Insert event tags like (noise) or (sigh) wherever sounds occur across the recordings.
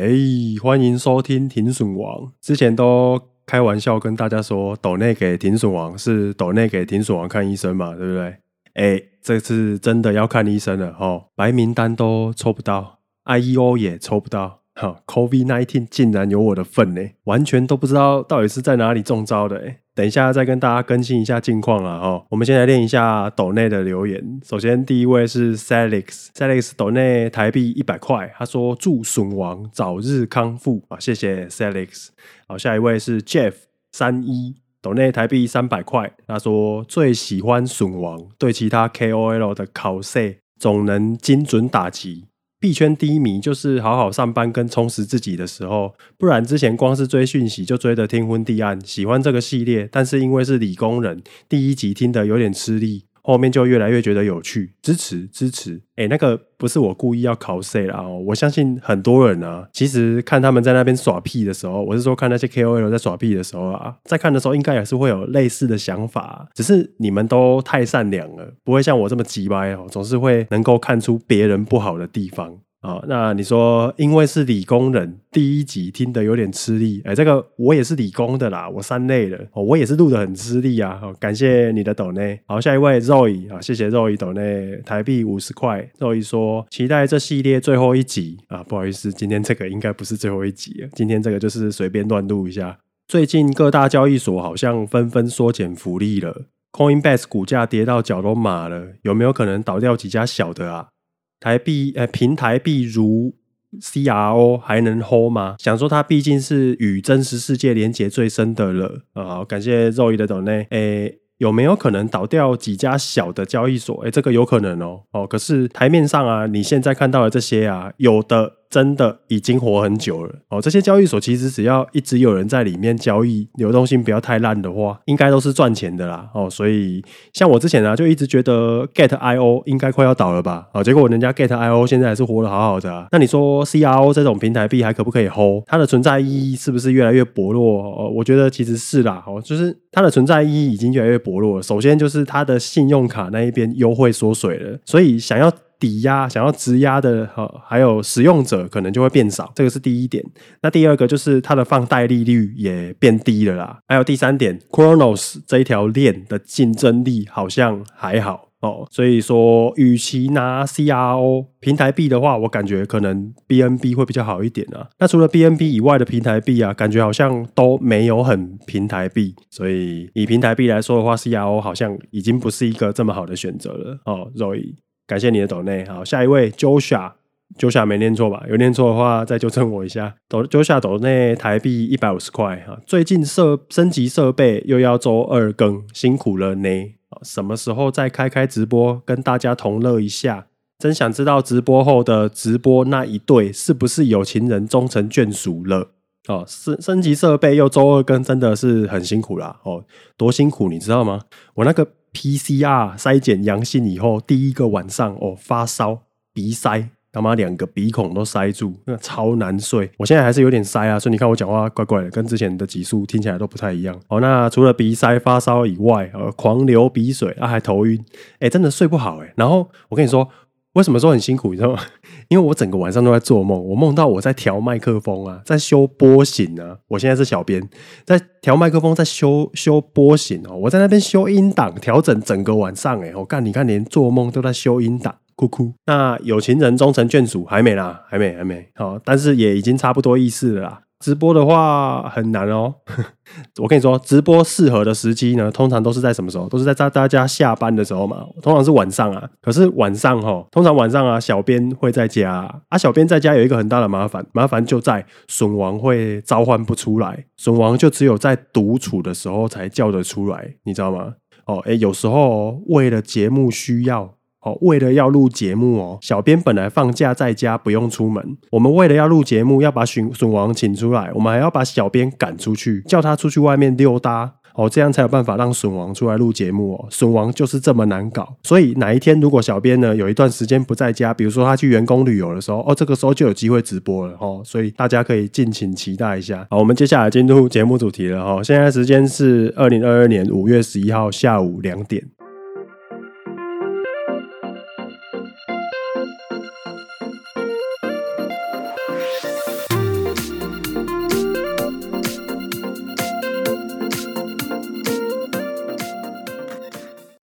哎、欸，歡迎收聽《停損王》。之前都開玩笑跟大家說，斗內給停損王是斗內給停損王看醫生嘛，對不對？哎、欸，這次真的要看醫生了齁、哦，白名單都抽不到，IEO 也抽不到。好，COVID-19 竟然有我的份呢、欸，完全都不知道到底是在哪裡中招的、欸、等一下再跟大家更新一下近況啦。哈。我們先來念一下斗內的留言。首先第一位是 Selix，Selix 斗 Selix, 內台幣一百塊，他說祝損王早日康復啊，謝謝 Selix。好、啊，下一位是 Jeff 三一，斗內台幣三百塊，他說最喜歡損王，對其他 K O L 的考射總能精準打擊。幣圈低迷，就是好好上班跟充實自己的時候。不然之前光是追訊息就追得天昏地暗。喜歡這個系列，但是因為是理工人，第一集聽得有點吃力。後面就越來越覺得有趣，支持支持。哎、欸，那個不是我故意要考誰啦哦、喔，我相信很多人呢、啊，其實看他們在那邊耍屁的時候，我是說看那些 KOL 在耍屁的時候啊，在看的時候應該也是會有類似的想法、啊，只是你們都太善良了，不會像我這麼急歪哦、喔，總是會能夠看出別人不好的地方。啊、哦，那你說，因為是理工人，第一集聽得有點吃力。誒這個我也是理工的啦，我三類的，哦、我也是錄得很吃力啊。哦、感謝你的抖呢。好，下一位肉 o 啊，謝謝肉 o y 抖呢，台幣五十塊。肉 o 說期待這系列最後一集啊，不好意思，今天這個應該不是最後一集，今天這個就是隨便亂錄一下。最近各大交易所好像紛紛縮減福利了，Coinbase 股價跌到腳都麻了，有沒有可能倒掉幾家小的啊？台幣呃，平台幣如 CRO 還能 Hold 嗎？想說它畢竟是與真實世界連結最深的了啊、嗯。好，感謝 Roy 的斗內。誒，有沒有可能倒掉幾家小的交易所？誒，這個有可能哦。哦，可是台面上啊，你現在看到的這些啊，有的。真的已經活很久了哦，這些交易所其實只要一直有人在裡面交易，流動性不要太爛的話，應該都是賺錢的啦哦。所以像我之前啊，就一直覺得 Get IO 應該快要倒了吧啊，哦，結果人家 Get IO 現在還是活得好好的啊。那你說 CRO 這種平台幣還可不可以 hold？它的存在意義是不是越來越薄弱？呃，我覺得其實是啦哦，就是它的存在意義已經越來越薄弱了。首先就是它的信用卡那一邊優惠縮水了，所以想要。抵押，想要質押的哈、哦，還有使用者可能就會變少，這個是第一點。那第二個就是它的放貸利率也變低了啦。還有第三點，Cronos 這一條鏈的競爭力好像還好哦。所以說，與其拿 CRO 平台幣的話，我感覺可能 BNB 會比較好一點啊。那除了 BNB 以外的平台幣啊，感覺好像都沒有很平台幣。所以以平台幣來說的話，CRO 好像已經不是一個這麼好的選擇了哦，Roy。感謝你的抖內，好，下一位 Joshua，Joshua 沒念錯吧？有念錯的話再糾正我一下。抖 Joshua 抖內台幣一百五十塊哈，最近設升級設備，又要周二更，辛苦了呢。啊，什麼時候再開開直播，跟大家同樂一下？真想知道直播後的直播那一對是不是有情人終成眷屬了？哦，升升級設備又周二更，真的是很辛苦啦。哦，多辛苦你知道嗎？我那個。PCR 篩檢陽性以後，第一個晚上我、哦、發燒、鼻塞，他媽兩個鼻孔都塞住，那超難睡。我現在還是有點塞啊，所以你看我講話怪怪的，跟之前的集數聽起來都不太一樣。哦，那除了鼻塞、發燒以外，呃，狂流鼻水，啊，還頭暈，哎、欸，真的睡不好哎、欸。然後我跟你說。為什麼說很辛苦，你知道嗎？因為我整個晚上都在做夢，我夢到我在調麥克風啊，在修波形啊。我現在是小編，在調麥克風，在修修波形哦。我在那邊修音檔，調整整個晚上哎。我、哦、看你看，連做夢都在修音檔，哭哭。那有情人終成眷屬，還沒啦，還沒，還沒。好、哦，但是也已經差不多意思了啦。直播的話很難哦， (laughs) 我跟你說，直播適合的時機呢，通常都是在什麼時候？都是在大大家下班的時候嘛，通常是晚上啊。可是晚上哈、哦，通常晚上啊，小編會在家啊。小編在家有一個很大的麻煩，麻煩就在損王會召喚不出來，損王就只有在獨處的時候才叫得出來，你知道嗎？哦，誒，有時候、哦、為了節目需要。哦，為了要錄節目哦，小編本來放假在家不用出門。我們為了要錄節目，要把損王請出來，我們還要把小編趕出去，叫他出去外面溜達哦，這樣才有辦法讓損王出來錄節目哦。損王就是這麼難搞，所以哪一天如果小編呢有一段時間不在家，比如說他去員工旅遊的時候哦，這個時候就有機會直播了哦。所以大家可以敬請期待一下。好，我們接下來進入節目主題了哈、哦。現在時間是二零二二年五月十一號下午兩點。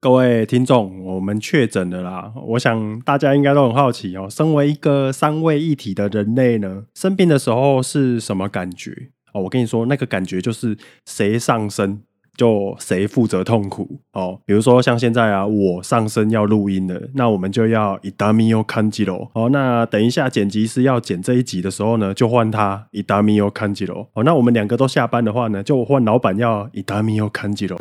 各位聽眾，我們確診了啦！我想大家應該都很好奇哦。身為一個三位一體的人類呢，生病的時候是什麼感覺哦？我跟你說，那個感覺就是誰上身就誰負責痛苦哦。比如說像現在啊，我上身要錄音了，那我們就要痛みを感じろ哦。那等一下剪輯師要剪這一集的時候呢，就換他痛みを感じろ哦。那我們兩個都下班的話呢，就換老闆要痛みを感じろ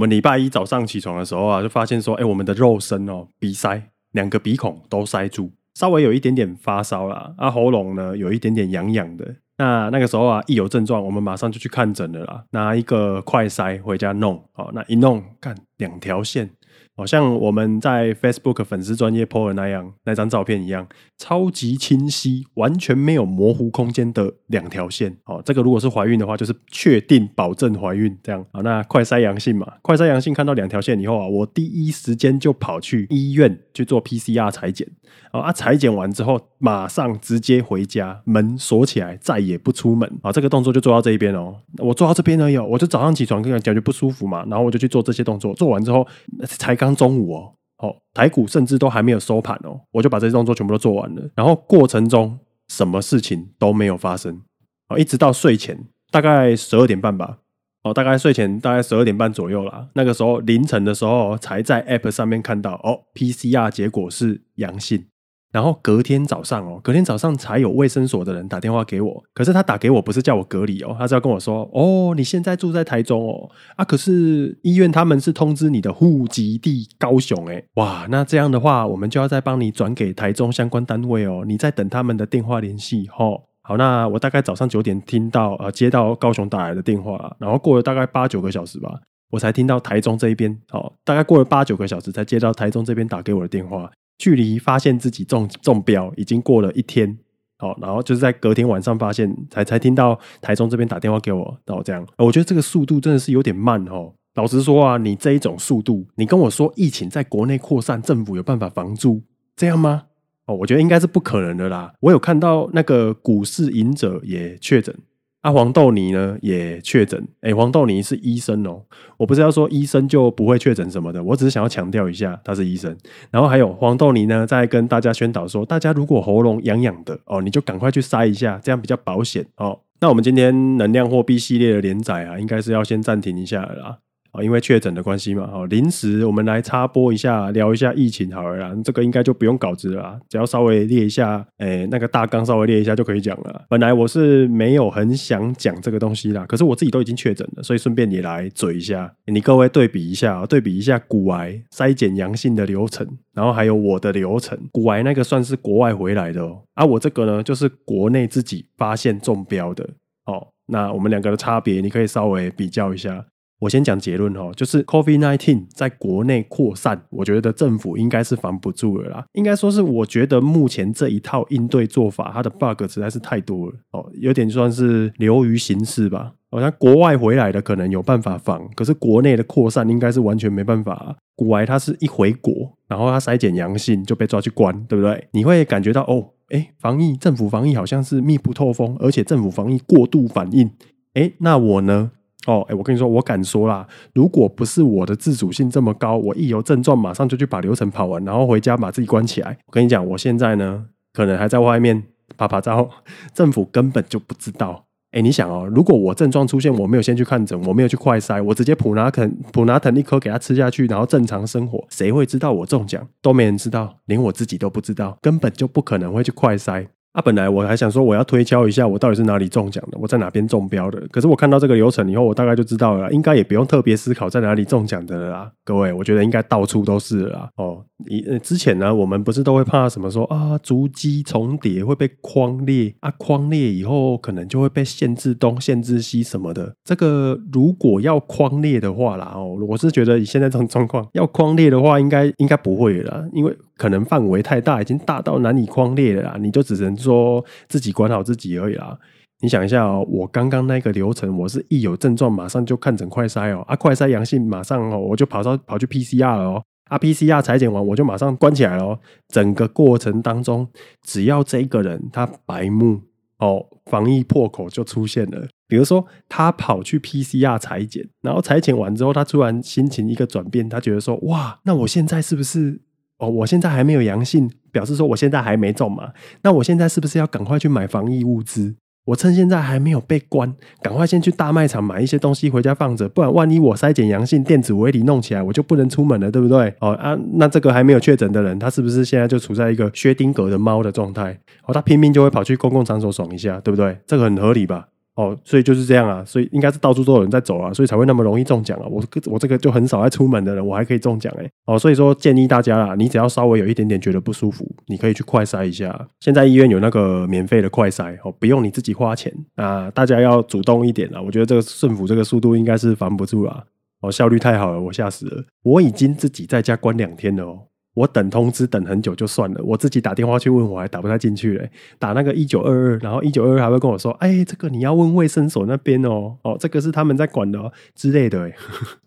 我們禮拜一早上起床的時候啊，就發現說，哎，我們的肉身哦，鼻塞，兩個鼻孔都塞住，稍微有一點點發燒啦，啊，喉嚨呢，有一點點癢癢的。那那個時候啊，一有症狀，我們馬上就去看診了啦，拿一個快篩回家弄，好，那一弄，幹，兩條線。好像我們在 Facebook 粉絲專頁 PO 那樣那張照片一樣，超級清晰，完全沒有模糊空間的兩條線。哦，這個如果是懷孕的話，就是確定保證懷孕這樣。好、哦，那快篩陽性嘛？快篩陽性看到兩條線以後啊，我第一時間就跑去醫院去做 PCR 採檢，哦。啊啊，採檢完之後馬上直接回家，門鎖起來，再也不出門。啊、哦，這個動作就做到這一邊哦。我做到這邊呢有，哦，我就早上起床感覺感覺不舒服嘛，然後我就去做這些動作，做完之後才。剛中午哦，哦、哦，台股甚至都還沒有收盤哦，我就把這些動作全部都做完了。然後過程中什麼事情都沒有發生哦，一直到睡前，大概十二點半吧，哦，大概睡前大概十二點半左右啦，那個時候凌晨的時候、哦、才在 App 上面看到哦，PCR 結果是陽性。然後隔天早上哦，隔天早上才有衛生所的人打電話給我。可是他打給我不是叫我隔離哦，他是要跟我說，哦，你現在住在台中哦，啊，可是醫院他們是通知你的戶籍地高雄哎，哇，那這樣的話，我們就要再幫你轉給台中相關單位哦，你再等他們的電話聯繫哦。好，那我大概早上九點聽到、呃、接到高雄打來的電話，然後過了大概八九個小時吧，我才聽到台中這一邊，好、哦，大概過了八九個小時才接到台中這邊打給我的電話。距離發現自己中中標已經過了一天，好、哦，然後就是在隔天晚上發現才才聽到台中這邊打電話給我，然後這樣、呃，我覺得這個速度真的是有點慢哦。老實說啊，你這一種速度，你跟我說疫情在國內擴散，政府有辦法防住這樣嗎？哦，我覺得應該是不可能的啦。我有看到那個股市隱者也確診。啊，黃豆泥呢也確診，誒、欸、黃豆泥是醫生哦、喔，我不是要說醫生就不會確診什麼的，我只是想要強調一下他是醫生。然後還有黃豆泥呢，在跟大家宣導說，大家如果喉嚨癢癢的哦、喔，你就趕快去篩一下，這樣比較保險哦、喔。那我們今天能量貨幣系列的連載啊，應該是要先暫停一下了啦。啊，因為確診的關係嘛，哈，臨時我們來插播一下，聊一下疫情好了，啦，這個應該就不用稿子了啦，只要稍微列一下，誒、哎，那個大綱稍微列一下就可以講了啦。本來我是沒有很想講這個東西啦，可是我自己都已經確診了，所以順便你來嘴一下，你各位對比一下，對比一下股癌篩檢陽性的流程，然後還有我的流程，股癌那個算是國外回來的哦，啊，我這個呢就是國內自己發現中標的，哦，那我們兩個的差別，你可以稍微比較一下。我先講結論哈，就是 COVID-19 在國內擴散，我覺得政府應該是防不住的啦。應該說是，我覺得目前這一套應對做法，它的 bug 實在是太多了哦，有點算是流於形式吧。好像國外回來的可能有辦法防，可是國內的擴散應該是完全沒辦法啊。國外他是一回國，然後他篩檢陽性就被抓去關，對不對？你會感覺到哦，哎，防疫政府防疫好像是密不透風，而且政府防疫過度反應。哎，那我呢？哦，哎，我跟你說，我敢說啦，如果不是我的自主性這麼高，我一有症狀馬上就去把流程跑完，然後回家把自己關起來。我跟你講，我現在呢，可能還在外面趴趴走，政府根本就不知道。哎，你想哦，如果我症狀出現，我沒有先去看診，我沒有去快篩，我直接普拿肯普拿疼一顆給他吃下去，然後正常生活，誰會知道我中獎？都沒人知道，連我自己都不知道，根本就不可能會去快篩。啊，本來我還想說，我要推敲一下，我到底是哪裡中獎的，我在哪邊中標的。可是我看到這個流程以後，我大概就知道了，應該也不用特別思考在哪裡中獎的了。各位，我覺得應該到處都是了啦，哦。以之前呢，我們不是都會怕什麼說啊，足跡重疊會被匡列啊，匡列以後可能就會被限制東、限制西什麼的。這個如果要匡列的話啦，哦，我是覺得以現在這種狀況，要匡列的話，應該應該不會啦，因為可能範圍太大，已經大到難以匡列了啦，你就只能說自己管好自己而已啦。你想一下哦，我剛剛那個流程，我是一有症狀馬上就看成快篩哦，啊，快篩陽性，馬上哦，我就跑到跑去 PCR 了哦。啊 PCR 採檢完，我就馬上關起來了哦。整個過程當中，只要這個人他白目哦，防疫破口就出現了。比如說，他跑去 PCR 採檢，然後採檢完之後，他突然心情一個轉變，他覺得說：哇，那我現在是不是哦？我現在還沒有陽性，表示說我現在還沒中嘛？那我現在是不是要趕快去買防疫物資？我趁現在還沒有被關，趕快先去大賣場買一些東西回家放着，不然萬一我篩檢陽性，電子圍籬弄起來，我就不能出門了，對不對？哦啊，那這個還沒有確診的人，他是不是現在就處在一個薛丁格的貓的狀態？哦，他拼命就會跑去公共場所爽一下，對不對？這個很合理吧？哦，所以就是這樣啊，所以應該是到處都有人在走啊，所以才會那麼容易中獎啊。我我這個就很少愛出門的人，我還可以中獎哎、欸。哦，所以說建議大家啦，你只要稍微有一點點覺得不舒服，你可以去快篩一下。現在醫院有那個免費的快篩哦，不用你自己花錢啊、呃。大家要主動一點啊。我覺得這個政府這個速度應該是防不住啦、啊。哦，效率太好了，我嚇死了。我已經自己在家關兩天了哦。我等通知等很久就算了，我自己打電話去問我還打不太進去嘞，打那個一九二二，然後一九二二還會跟我說，哎、欸，這個你要問衛生所那邊哦，哦，這個是他們在管的哦之類的。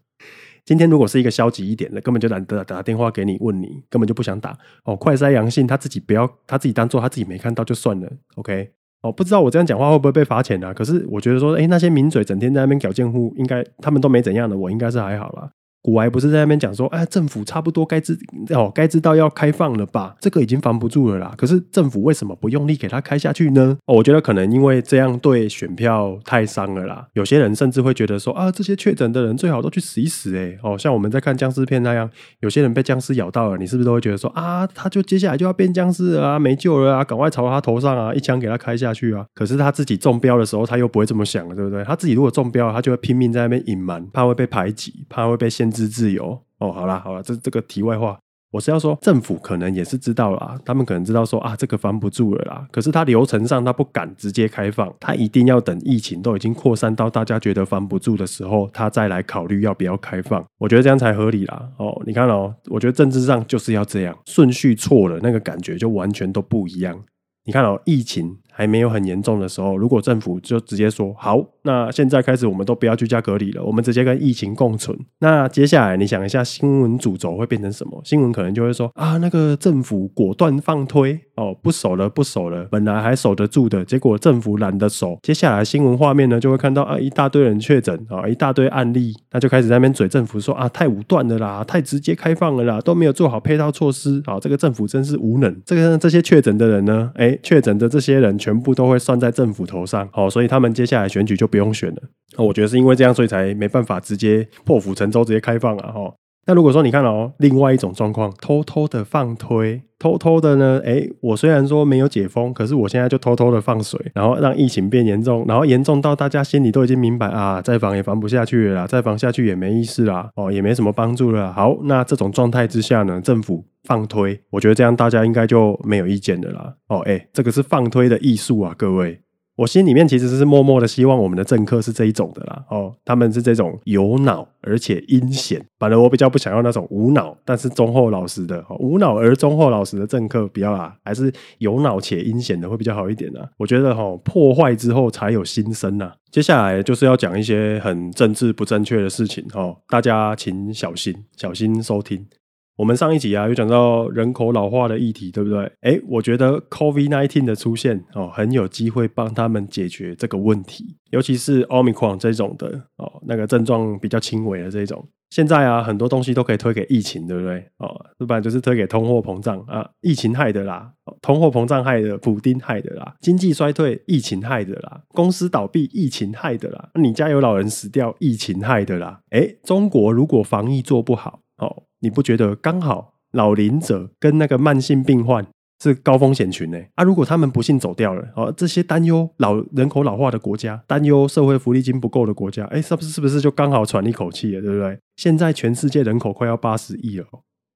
(laughs) 今天如果是一個消極一點的，根本就懶得打電話給你問你，根本就不想打。哦，快篩陽性，他自己不要，他自己當做他自己沒看到就算了。OK，哦，不知道我這樣講話會不會被罰錢啊？可是我覺得說，哎、欸，那些名嘴整天在那邊搞賤貨，應該他們都沒怎樣的，我應該是還好啦。古還不是在那邊講說，哎、啊，政府差不多該知哦，該知道要開放了吧？這個已經防不住了啦。可是政府為什麼不用力給他開下去呢？哦，我覺得可能因為這樣對選票太傷了啦。有些人甚至會覺得說，啊，這些確診的人最好都去死一死、欸，誒。哦，像我們在看僵屍片那樣，有些人被僵屍咬到了，你是不是都會覺得說，啊，他就接下來就要變僵屍了啊，沒救了啊，趕快朝他頭上啊一槍給他開下去啊。可是他自己中標的時候，他又不會這麼想了，對不對？他自己如果中標，他就會拼命在那邊隱瞞，怕會被排擠，怕會被限。之自由哦，好啦好啦，這這個題外話，我是要說政府可能也是知道啦，他們可能知道說，啊，這個防不住了啦。可是他流程上他不敢直接開放，他一定要等疫情都已經擴散到大家覺得防不住的時候，他再來考慮要不要開放。我覺得這樣才合理啦。哦，你看哦，我覺得政治上就是要這樣，順序錯了，那個感覺就完全都不一樣。你看哦，疫情。還沒有很嚴重的時候，如果政府就直接說好，那現在開始我們都不要居家隔離了，我們直接跟疫情共存。那接下來你想一下，新聞主軸會變成什麼？新聞可能就會說啊，那個政府果斷放推哦，不守了不守了，本來還守得住的，結果政府懶得守。接下來新聞畫面呢，就會看到啊一大堆人確診啊、哦、一大堆案例，那就開始在那邊嘴政府說啊太武斷了啦，太直接開放了啦，都沒有做好配套措施啊、哦，這個政府真是無能。這個這些確診的人呢，哎確診的這些人。全部都會算在政府頭上，哦，所以他們接下來選舉就不用選了。哦，我覺得是因為這樣，所以才沒辦法直接破釜沉舟，直接開放啊，哈，哦。那如果說你看哦，另外一種狀況，偷偷的放推，偷偷的呢，誒，我雖然說沒有解封，可是我現在就偷偷的放水，然後讓疫情變嚴重，然後嚴重到大家心裡都已經明白啊，再防也防不下去了啦，再防下去也沒意思了，哦，也沒什麼幫助了啦。好，那這種狀態之下呢，政府放推，我覺得這樣大家應該就沒有意見的啦。哦，誒，這個是放推的藝術啊，各位。我心裡面其實是默默的希望我們的政客是這一種的啦，哦，他們是這種有腦而且陰險。反正我比較不想要那種無腦但是忠厚老實的，哦，無腦而忠厚老實的政客比較啊，還是有腦且陰險的會比較好一點呢，啊。我覺得哈，哦，破壞之後才有新生吶，啊。接下來就是要講一些很政治不正確的事情哦，大家請小心，小心收聽。我們上一集啊，有講到人口老化的議題，對不對？哎，我覺得 COVID nineteen 的出現哦，很有機會幫他們解決這個問題，尤其是 Omicron 這種的哦，那個症狀比較輕微的這種。現在啊，很多東西都可以推給疫情，對不對？哦，這本來就是推給通貨膨脹啊，疫情害的啦，通貨膨脹害的，普丁害的啦，經濟衰退疫情害的啦，公司倒閉疫情害的啦，你家有老人死掉疫情害的啦。哎，中國如果防疫做不好，哦。你不覺得剛好，老齡者跟那個慢性病患是高風險群呢？啊，如果他們不幸走掉了，哦，這些擔憂老人口老化的國家，擔憂社會福利金不夠的國家，哎，是不是是不是就剛好喘一口氣了，對不對？現在全世界人口快要八十億了，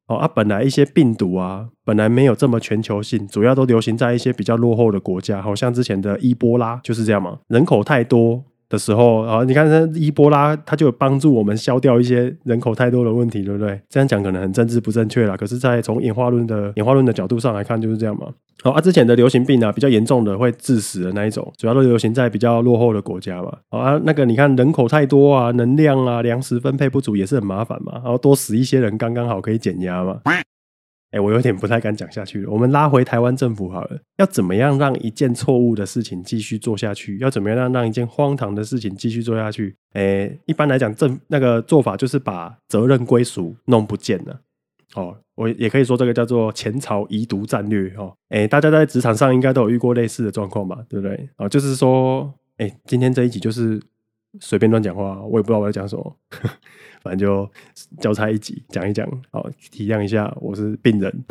哦啊，本來一些病毒啊，本來沒有這麼全球性，主要都流行在一些比較落後的國家，好像之前的伊波拉就是這樣嘛，人口太多。的時候啊，你看那伊波拉，它就有幫助我們消掉一些人口太多的問題，對不對？這樣講可能很政治不正確啦。可是，在從演化論的演化論的角度上來看，就是這樣嘛。好啊，之前的流行病啊，比較嚴重的會致死的那一種，主要都流行在比較落後的國家嘛。好啊，那個你看人口太多啊，能量啊，糧食分配不足也是很麻煩嘛。然後多死一些人，剛剛好可以減壓嘛。喂。哎，我有點不太敢講下去了。我們拉回台灣政府好了，要怎麼樣讓一件錯誤的事情繼續做下去？要怎麼樣讓讓一件荒唐的事情繼續做下去？哎，一般來講正，那個做法就是把責任歸屬弄不見了。哦，我也可以說這個叫做前朝遺毒戰略哈、哦。大家在職場上應該都有遇過類似的狀況吧？對不對？哦，就是說，哎，今天這一集就是隨便亂講話，我也不知道我要講什麼。呵呵反正就交差一集講一講，好，體諒一下我是病人。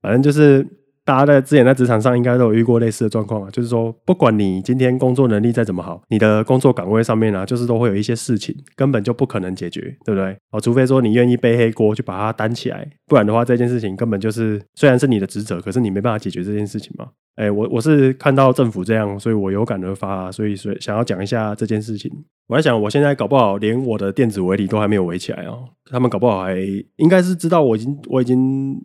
反正就是。大家在之前在職場上應該都有遇過類似的狀況啊，就是說，不管你今天工作能力再怎麼好，你的工作崗位上面啊，就是都會有一些事情根本就不可能解決對不對？哦，除非說你願意背黑鍋去把它擔起來，不然的話，這件事情根本就是雖然是你的職責，可是你沒辦法解決這件事情嘛。誒，我我是看到政府這樣，所以我有感而發啊，所以所以想要講一下這件事情。我在想，我現在搞不好連我的電子圍籬都還沒有圍起來哦，他們搞不好還應該是知道我已經我已經。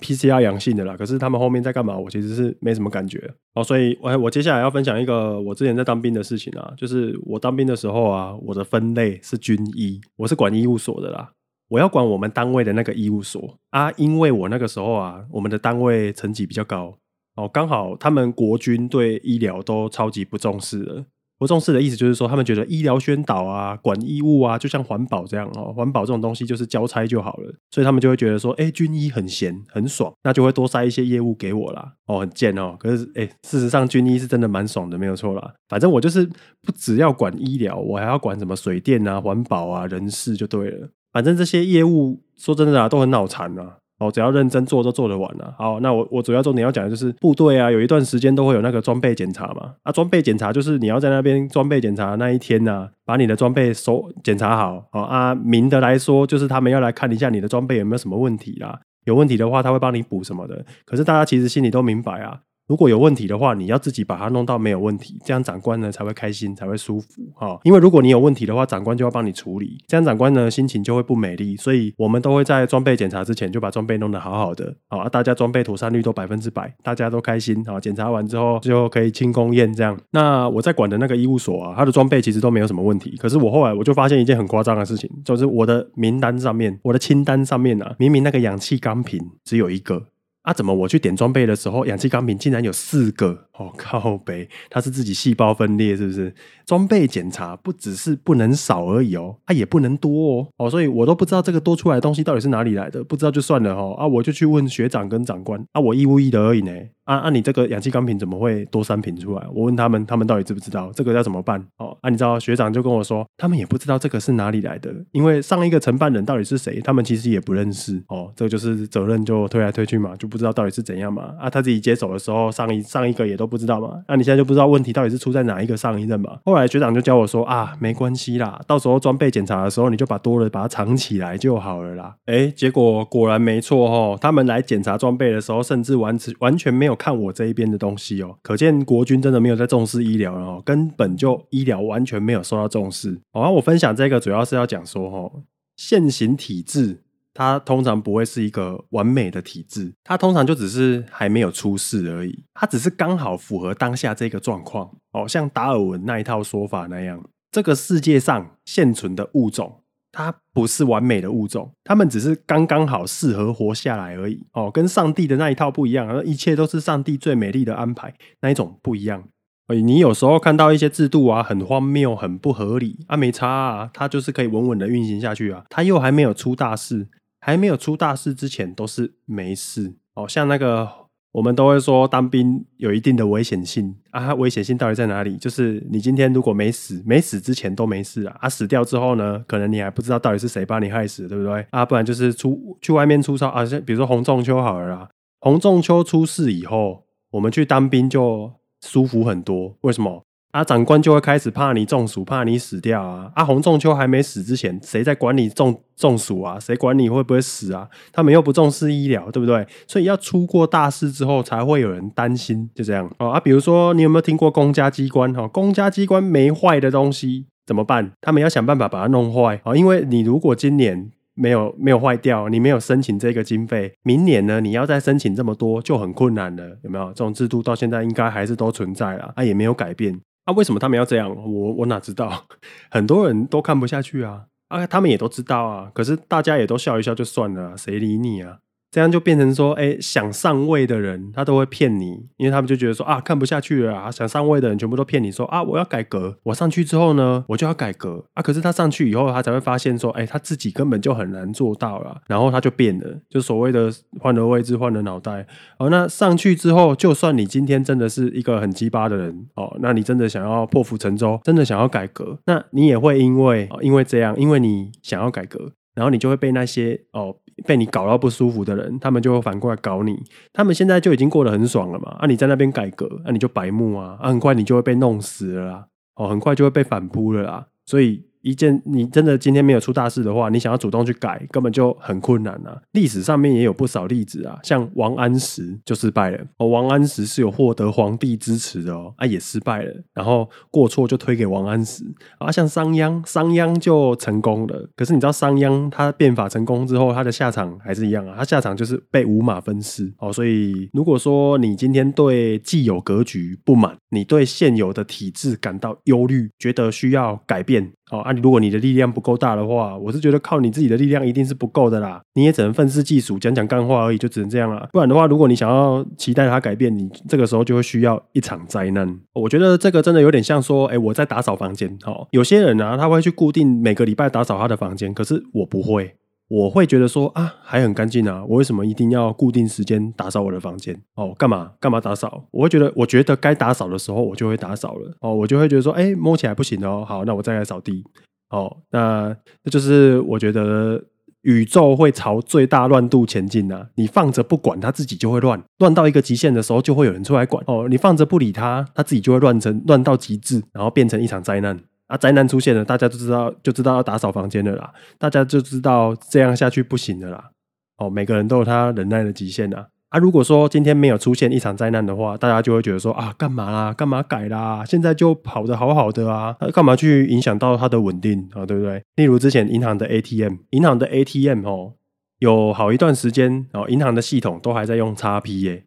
PCR 陽性的啦，可是他們後面在幹嘛？我其實是沒什麼感覺哦，所以，我我接下來要分享一個我之前在當兵的事情啊，就是我當兵的時候啊，我的分類是軍醫，我是管醫務所的啦，我要管我們單位的那個醫務所啊，因為我那個時候啊，我們的單位層級比較高哦，剛好他們國軍對醫療都超級不重視的。我重視的意思就是說，他們覺得醫療宣導啊、管醫務啊，就像環保這樣哦、喔，環保這種東西就是交差就好了，所以他們就會覺得說，哎、欸，軍醫很閒很爽，那就會多塞一些業務給我啦，哦、喔，很賤哦、喔。可是，哎、欸，事實上軍醫是真的蠻爽的，沒有錯啦。反正我就是不只要管醫療，我還要管什麼水電啊、環保啊、人事就對了。反正這些業務，說真的啊，都很腦殘啊。哦，只要認真做都做得完了。好，那我我主要重點要講的就是部隊啊，有一段時間都會有那個裝備檢查嘛。啊，裝備檢查就是你要在那邊裝備檢查那一天呢，啊，把你的裝備收檢查好。哦，啊，明的來說就是他們要來看一下你的裝備有沒有什麼問題啦。有問題的話，他會幫你補什麼的。可是大家其實心裡都明白啊。如果有問題的話，你要自己把它弄到沒有問題，這樣長官呢才會開心，才會舒服哈、哦。因為如果你有問題的話，長官就要幫你處理，這樣長官呢心情就會不美麗。所以我們都會在裝備檢查之前就把裝備弄得好好的，哦、啊，大家裝備妥善率都百分之百，大家都開心啊、哦。檢查完之後就可以慶功宴這樣。那我在管的那個醫務所啊，他的裝備其實都沒有什麼問題，可是我後來我就發現一件很誇張的事情，就是我的名單上面，我的清單上面啊，明明那個氧氣鋼瓶只有一個。啊！怎麼我去點裝備的時候，氧氣鋼瓶竟然有四個？哦？靠北！北它是自己細胞分裂，是不是？裝備檢查不只是不能少而已哦，它、啊、也不能多哦哦，所以我都不知道這個多出來的東西到底是哪裡來的，不知道就算了哈、哦、啊！我就去問學長跟長官啊，我義務役的而已呢。啊，那、啊、你這個氧氣鋼瓶怎麼會多三瓶出來？我問他們，他們到底知不知道這個要怎麼辦？哦，啊，你知道學長就跟我說，他們也不知道這個是哪裡來的，因為上一個承辦人到底是誰，他們其實也不認識。哦，這就是責任就推來推去嘛，就不知道到底是怎樣嘛。啊，他自己接手的時候，上一上一個也都不知道嘛。那、啊、你現在就不知道問題到底是出在哪一個上一任嘛？後來學長就教我說啊，沒關係啦，到時候裝備檢查的時候，你就把多了把它藏起來就好了啦。哎，結果果然沒錯哦，他們來檢查裝備的時候，甚至完完全沒有。看我這一邊的東西哦、喔，可見國軍真的沒有在重視醫療哦、喔，根本就醫療完全沒有受到重視。好、喔，啊、我分享這個主要是要講說哦、喔，現行體制它通常不會是一個完美的體制，它通常就只是還沒有出事而已，它只是剛好符合當下這個狀況。哦、喔，像達爾文那一套說法那樣，這個世界上現存的物種。它不是完美的物種，它們只是剛剛好適合活下來而已。哦，跟上帝的那一套不一樣，而一切都是上帝最美麗的安排那一種不一樣。哎，你有時候看到一些制度啊，很荒謬、很不合理啊，沒差啊，它就是可以穩穩的運行下去啊。它又還沒有出大事，還沒有出大事之前都是沒事。哦，像那個。我們都會說當兵有一定的危險性啊，危險性到底在哪裡？就是你今天如果沒死，沒死之前都沒事啊，啊死掉之後呢，可能你還不知道到底是誰把你害死，對不對？啊，不然就是出去外面出差啊，比如說洪仲丘好了啊，洪仲丘出事以後，我們去當兵就舒服很多，為什麼？啊，長官就會開始怕你中暑，怕你死掉啊！啊，洪仲丘還沒死之前，誰在管你中中暑啊？誰管你會不會死啊？他們又不重視醫療，對不對？所以要出過大事之後，才會有人擔心，就這樣哦。啊，比如說你有沒有聽過公家機關？哈、哦，公家機關沒壞的東西怎麼辦？他們要想辦法把它弄壞啊、哦！因為你如果今年沒有沒有壞掉，你沒有申請這個經費，明年呢，你要再申請這麼多就很困難了，有沒有？這種制度到現在應該還是都存在了，啊，也沒有改變。啊，為什麼他們要這樣？我我哪知道？很多人都看不下去啊！啊，他們也都知道啊，可是大家也都笑一笑就算了，啊，誰理你啊？這樣就變成說，哎，想上位的人他都會騙你，因為他們就覺得說啊，看不下去了啊，想上位的人全部都騙你說啊，我要改革，我上去之後呢，我就要改革啊。可是他上去以後，他才會發現說，哎，他自己根本就很難做到了，然後他就變了，就所謂的換了位置換了腦袋。哦，那上去之後，就算你今天真的是一個很雞巴的人，哦，那你真的想要破釜沉舟，真的想要改革，那你也會因為，哦，因為這樣，因為你想要改革。然後你就會被那些哦，被你搞到不舒服的人，他們就會反過來搞你。他們現在就已經過得很爽了嘛，啊，你在那邊改革，那、啊、你就白目啊，啊，很快你就會被弄死了啦，哦，很快就會被反撲了啦。所以。一件你真的今天沒有出大事的話，你想要主動去改，根本就很困難啊。歷史上面也有不少例子啊，像王安石就失敗了。哦，王安石是有獲得皇帝支持的哦，啊也失敗了。然後過錯就推給王安石。啊，像商鞅，商鞅就成功了。可是你知道商鞅他變法成功之後，他的下場還是一樣啊，他下場就是被五馬分屍。哦，所以如果說你今天對既有格局不滿，你對現有的體制感到憂慮，覺得需要改變。好、哦、啊，如果你的力量不夠大的話，我是覺得靠你自己的力量一定是不夠的啦，你也只能憤世嫉俗講講幹話而已，就只能這樣了。不然的話，如果你想要期待它改變，你這個時候就會需要一場災難。我覺得這個真的有點像說，哎、欸，我在打掃房間。哦。有些人啊，他會去固定每個禮拜打掃他的房間，可是我不會。我會覺得說啊，還很乾淨啊，我為什麼一定要固定時間打掃我的房間？哦，幹嘛幹嘛打掃？我會覺得，我覺得該打掃的時候，我就會打掃了。哦，我就會覺得說，哎，摸起來不行哦，好，那我再來掃地。哦，那這就是我覺得宇宙會朝最大亂度前進啊。你放着不管，它自己就會亂，亂到一個極限的時候，就會有人出來管。哦，你放着不理它，它自己就會亂成亂到極致，然後變成一場災難。啊，災難出現了，大家就知道就知道要打掃房間了啦，大家就知道這樣下去不行的啦。哦，每個人都有他忍耐的極限啦啊，如果說今天沒有出現一場災難的話，大家就會覺得說啊，幹嘛啊，幹嘛改啦？現在就跑得好好的啊，啊、幹嘛去影響到它的穩定啊、哦？對不對？例如之前銀行的 ATM，銀行的 ATM 哦，有好一段時間哦，銀行的系統都還在用 XP 耶。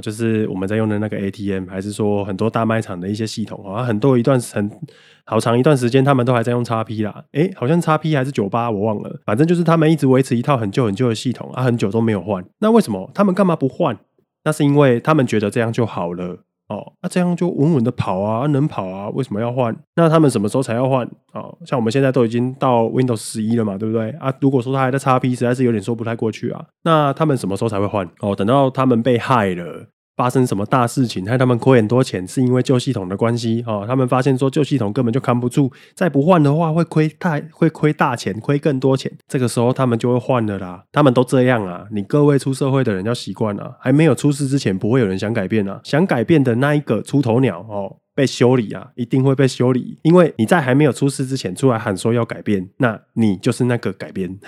就是我們在用的那個 ATM，還是說很多大賣場的一些系統啊？很多一段很好長一段時間，他們都還在用 XP 啦。哎，好像 XP 還是98，我忘了。反正就是他們一直維持一套很舊很舊的系統啊，很久都沒有換。那為什麼？他們幹嘛不換？那是因為他們覺得這樣就好了。哦，那、啊、這樣就穩穩的跑啊，啊能跑啊，為什麼要換？那他們什麼時候才要換？哦，像我們現在都已經到 Windows 十一了嘛，對不對？啊，如果說他還在 x P，實在是有點說不太過去啊。那他們什麼時候才會換？哦，等到他們被害了。發生什麼大事情，害他們虧很多錢，是因為舊系統的關係哦。他們發現說舊系統根本就扛不住，再不換的話會虧太會虧大錢，虧更多錢。這個時候他們就會換了啦。他們都這樣啊，你各位出社會的人要習慣了啊。還沒有出事之前，不會有人想改變啊。想改變的那一個出頭鳥哦，被修理啊，一定會被修理。因為你在還沒有出事之前出來喊說要改變，那你就是那個改變。 (laughs)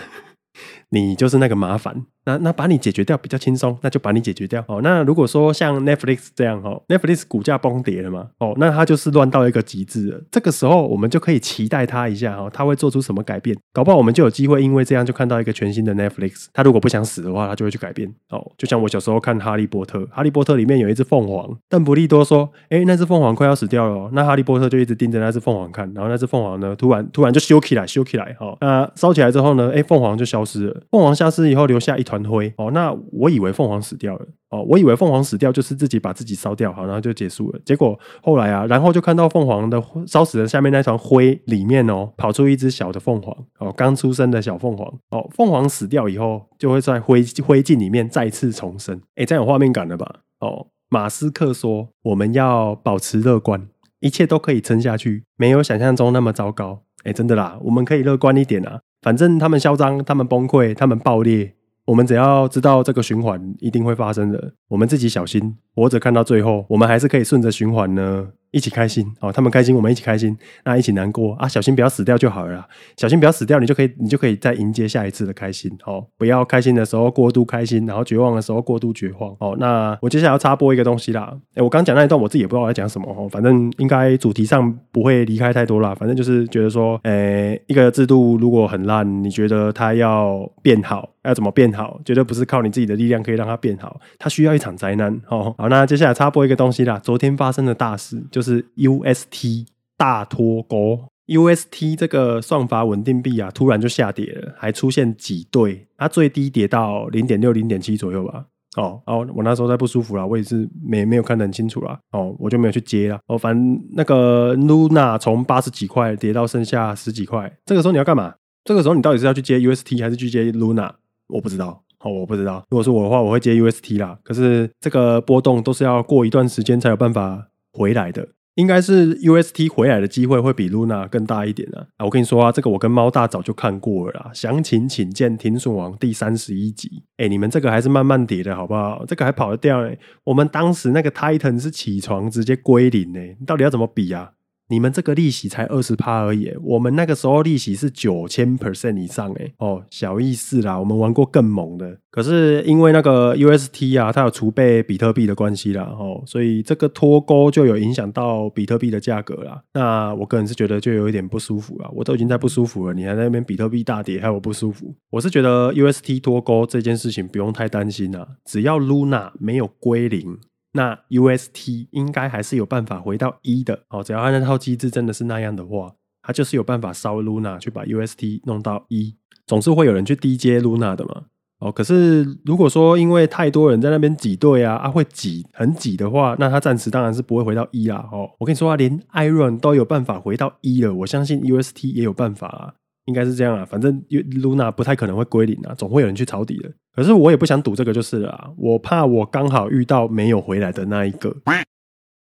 你就是那個麻煩，那那把你解決掉比較輕鬆，那就把你解決掉哦。那如果說像 Netflix 這樣哦，Netflix 股價崩跌了嘛，哦，那它就是亂到一個極致了。這個時候我們就可以期待它一下哈，它、哦、會做出什麼改變？搞不好我們就有機會，因為這樣就看到一個全新的 Netflix。它如果不想死的話，它就會去改變哦。就像我小時候看哈利波特《哈利波特》，《哈利波特》裡面有一隻鳳凰，鄧不利多說：“誒，那隻鳳凰快要死掉了、哦。”那哈利波特就一直盯着那隻鳳凰看，然後那隻鳳凰呢，突然突然就燒起來，燒起來哈、哦，那燒起來之後呢，誒，鳳凰就消失了。鳳凰消失以後留下一團灰哦，那我以為鳳凰死掉了哦，我以為鳳凰死掉就是自己把自己燒掉好，然後就結束了。結果後來啊，然後就看到鳳凰的燒死的下面那團灰裡面哦，跑出一隻小的鳳凰哦，剛出生的小鳳凰哦。鳳凰死掉以後就會在灰灰燼裡面再次重生，哎，這樣有畫面感了吧？哦，馬斯克說我們要保持樂觀，一切都可以撐下去，沒有想象中那麼糟糕。哎，真的啦，我們可以樂觀一點啊。反正他們囂張，他們崩潰，他們爆裂，我們只要知道這個循環一定會發生的，我們自己小心，活着看到最後，我們還是可以順着循環呢。一起開心哦，他們開心，我們一起開心。那一起難過啊，小心不要死掉就好了啦。小心不要死掉，你就可以，你就可以再迎接下一次的開心哦。不要開心的時候過度開心，然後絕望的時候過度絕望哦。那我接下來要插播一個東西啦。誒，我剛講那一段，我自己也不知道我在講什麼哦。反正應該主題上不會離開太多啦，反正就是覺得說，哎，一個制度如果很爛，你覺得它要變好？要怎麼變好？絕對不是靠你自己的力量可以讓它變好，它需要一場災難哦。好，那接下來插播一個東西啦。昨天發生的大事就是 UST 大脫鈎，UST 這個算法穩定幣啊，突然就下跌了，還出現擠兌，它最低跌到零點六、零點七左右吧。哦，哦，我那時候在不舒服了，我也是沒沒有看得很清楚啦。哦，我就沒有去接了。哦，反正那個 Luna 從八十幾塊跌到剩下十幾塊，這個時候你要幹嘛？這個時候你到底是要去接 UST 還是去接 Luna？我不知道，好，哦，我不知道。如果是我的話，我會接 UST 啦。可是這個波動都是要過一段時間才有辦法回來的，應該是 UST 回來的機會會比 Luna 更大一點啊。啊，我跟你說啊，這個我跟貓大早就看過了啦，詳情請見停損王第三十一集。哎，你們這個還是慢慢跌的好不好？這個還跑得掉嘞，欸？我們當時那個 Titan 是起床直接歸零嘞，欸，到底要怎麼比啊？你們這個利息才二十趴而已，我們那個時候利息是九千 percent 以上哎，哦，小意思啦，我們玩過更猛的。可是因為那個 UST 啊，它有儲備比特幣的關係啦，哦，所以這個脫鈎就有影響到比特幣的價格啦。那我個人是覺得就有一點不舒服啦，我都已經在不舒服了，你還在那邊比特幣大跌害我不舒服。我是覺得 UST 脫鈎這件事情不用太擔心啊，只要 Luna 沒有歸零。那 UST 應該還是有辦法回到一的哦，只要他那套機制真的是那樣的話，他就是有辦法燒 Luna 去把 UST 弄到一，總是會有人去低接 Luna 的嘛。哦，可是如果說因為太多人在那邊擠兌啊，啊會擠很擠的話，那他暫時當然是不會回到一啦。哦，我跟你說啊，連 Iron 都有辦法回到一了，我相信 UST 也有辦法啊。應該是這樣啊，反正露娜不太可能會歸零啊，總會有人去抄底的。可是我也不想賭這個就是了啊，我怕我剛好遇到沒有回來的那一個。喂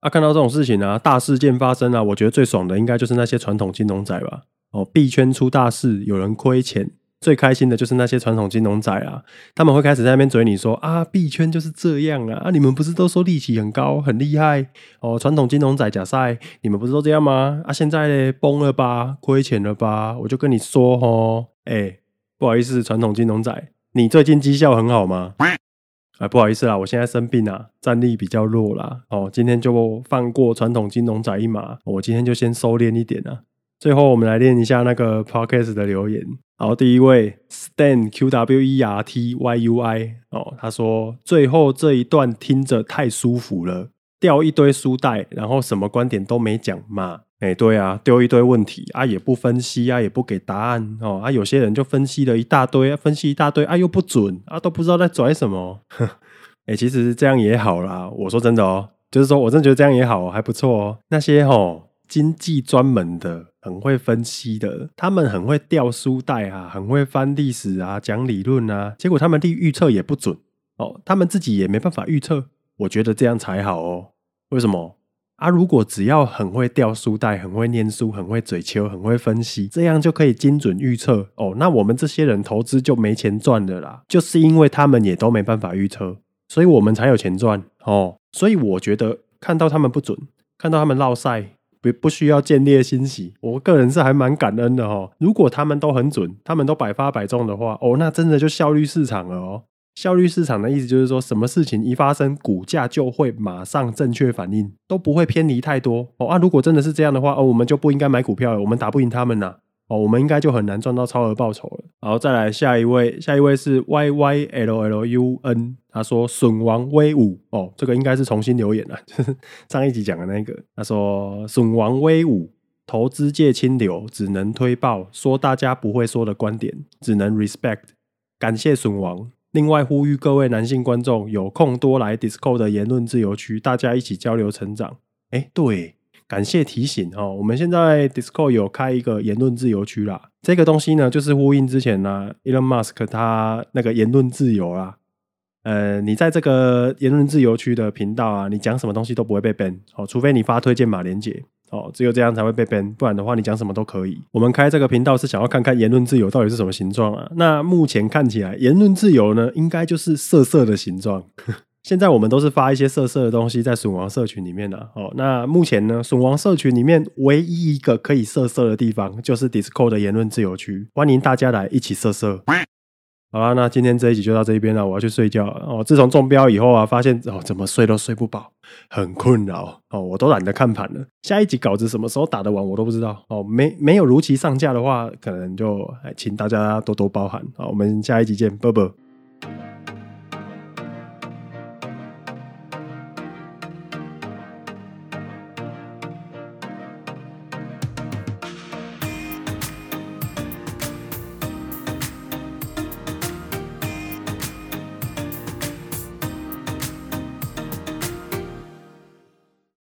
啊，看到這種事情啊，大事件發生啊，我覺得最爽的應該就是那些傳統金融仔吧。哦，幣圈出大事，有人虧錢。最開心的就是那些傳統金融仔啊，他們會開始在那邊嘴你說啊，幣圈就是這樣啊，啊，你們不是都說利息很高很厲害哦？傳統金融仔假賽，你們不是都這樣嗎？啊，現在嘞崩了吧，虧錢了吧？我就跟你說吼，哎、欸，不好意思，傳統金融仔，你最近績效很好嗎？哎，不好意思啦，我現在生病啊，戰力比較弱啦，哦，今天就放過傳統金融仔一馬，我今天就先收斂一點啊。最後，我們來練一下那個 podcast 的留言。然後第一位 Stan Q W E R T Y U I，哦，他說最後這一段聽着太舒服了，掉一堆書袋，然後什麼觀點都沒講嘛，哎，對啊，丟一堆問題啊，也不分析啊，也不給答案哦，啊，有些人就分析了一大堆，分析一大堆，啊，又不準啊，都不知道在拽什麼，哎，其實這樣也好啦，我說真的哦，就是說我真的覺得這樣也好，還不錯哦，那些哦經濟專門的。很會分析的，他們很會掉書袋啊，很會翻歷史啊，講理論啊，結果他們的預測也不準哦，他們自己也沒辦法預測。我覺得這樣才好哦，為什麼啊？如果只要很會掉書袋，很會念書，很會嘴秋，很會分析，這樣就可以精準預測哦，那我們這些人投資就沒錢賺了啦。就是因為他們也都沒辦法預測，所以我們才有錢賺哦。所以我覺得看到他們不準，看到他們落賽。不不需要見獵心喜，我個人是還蠻感恩的哈、哦。如果他們都很準，他們都百發百中的話，哦，那真的就效率市場了哦。效率市場的意思就是說什麼事情一發生，股價就會馬上正確反應，都不會偏離太多哦。啊，如果真的是這樣的話，哦，我們就不應該買股票了，我們打不贏他們吶。哦，我們應該就很難賺到超額報酬了。然後再來下一位，下一位是 Y Y L L U N，他說“損王威武”。哦，這個應該是重新留言了，呵呵。上一集講的那個。他說“損王威武，投資界清流，只能推爆，說大家不會說的觀點，只能 respect，感謝損王。另外呼籲各位男性觀眾，有空多來 Discord 的言論自由區，大家一起交流成長。哎，對。”感謝提醒哦，我們現在 Discord 有開一個言論自由區啦。這個東西呢，就是呼應之前呢、啊，Elon Musk 他那個言論自由啦、啊。呃，你在這個言論自由區的頻道啊，你講什麼東西都不會被 ban 哦，除非你發推薦碼連結哦，只有這樣才會被 ban，不然的話你講什麼都可以。我們開這個頻道是想要看看言論自由到底是什麼形狀啊。那目前看起來，言論自由呢，應該就是色色的形狀。 (laughs) 現在我們都是發一些色色的東西在損王社群裡面了、啊、哦。那目前呢，損王社群裡面唯一一個可以色色的地方就是 Discord 的言論自由區，歡迎大家來一起色色。嗯、好啦，那今天這一集就到這邊了、啊，我要去睡覺了、哦、自從中標以後啊，發現哦怎麼睡都睡不飽，很困擾哦。我都懶得看盤了，下一集稿子什麼時候打得完我都不知道哦。沒沒有如期上架的話，可能就哎，請大家,大家多多包涵、哦、我們下一集見，拜拜。